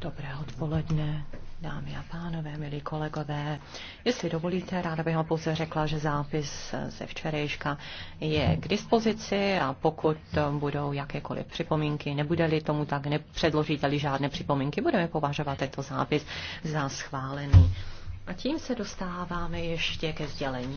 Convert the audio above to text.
Dobré odpoledne, dámy a pánové, milí kolegové. Jestli dovolíte, ráda bych vám pouze řekla, že zápis ze včerejška je k dispozici a pokud budou jakékoliv připomínky, nebude-li tomu tak, nepředložíte-li žádné připomínky, budeme považovat tento zápis za schválený. A tím se dostáváme ještě ke sdělení.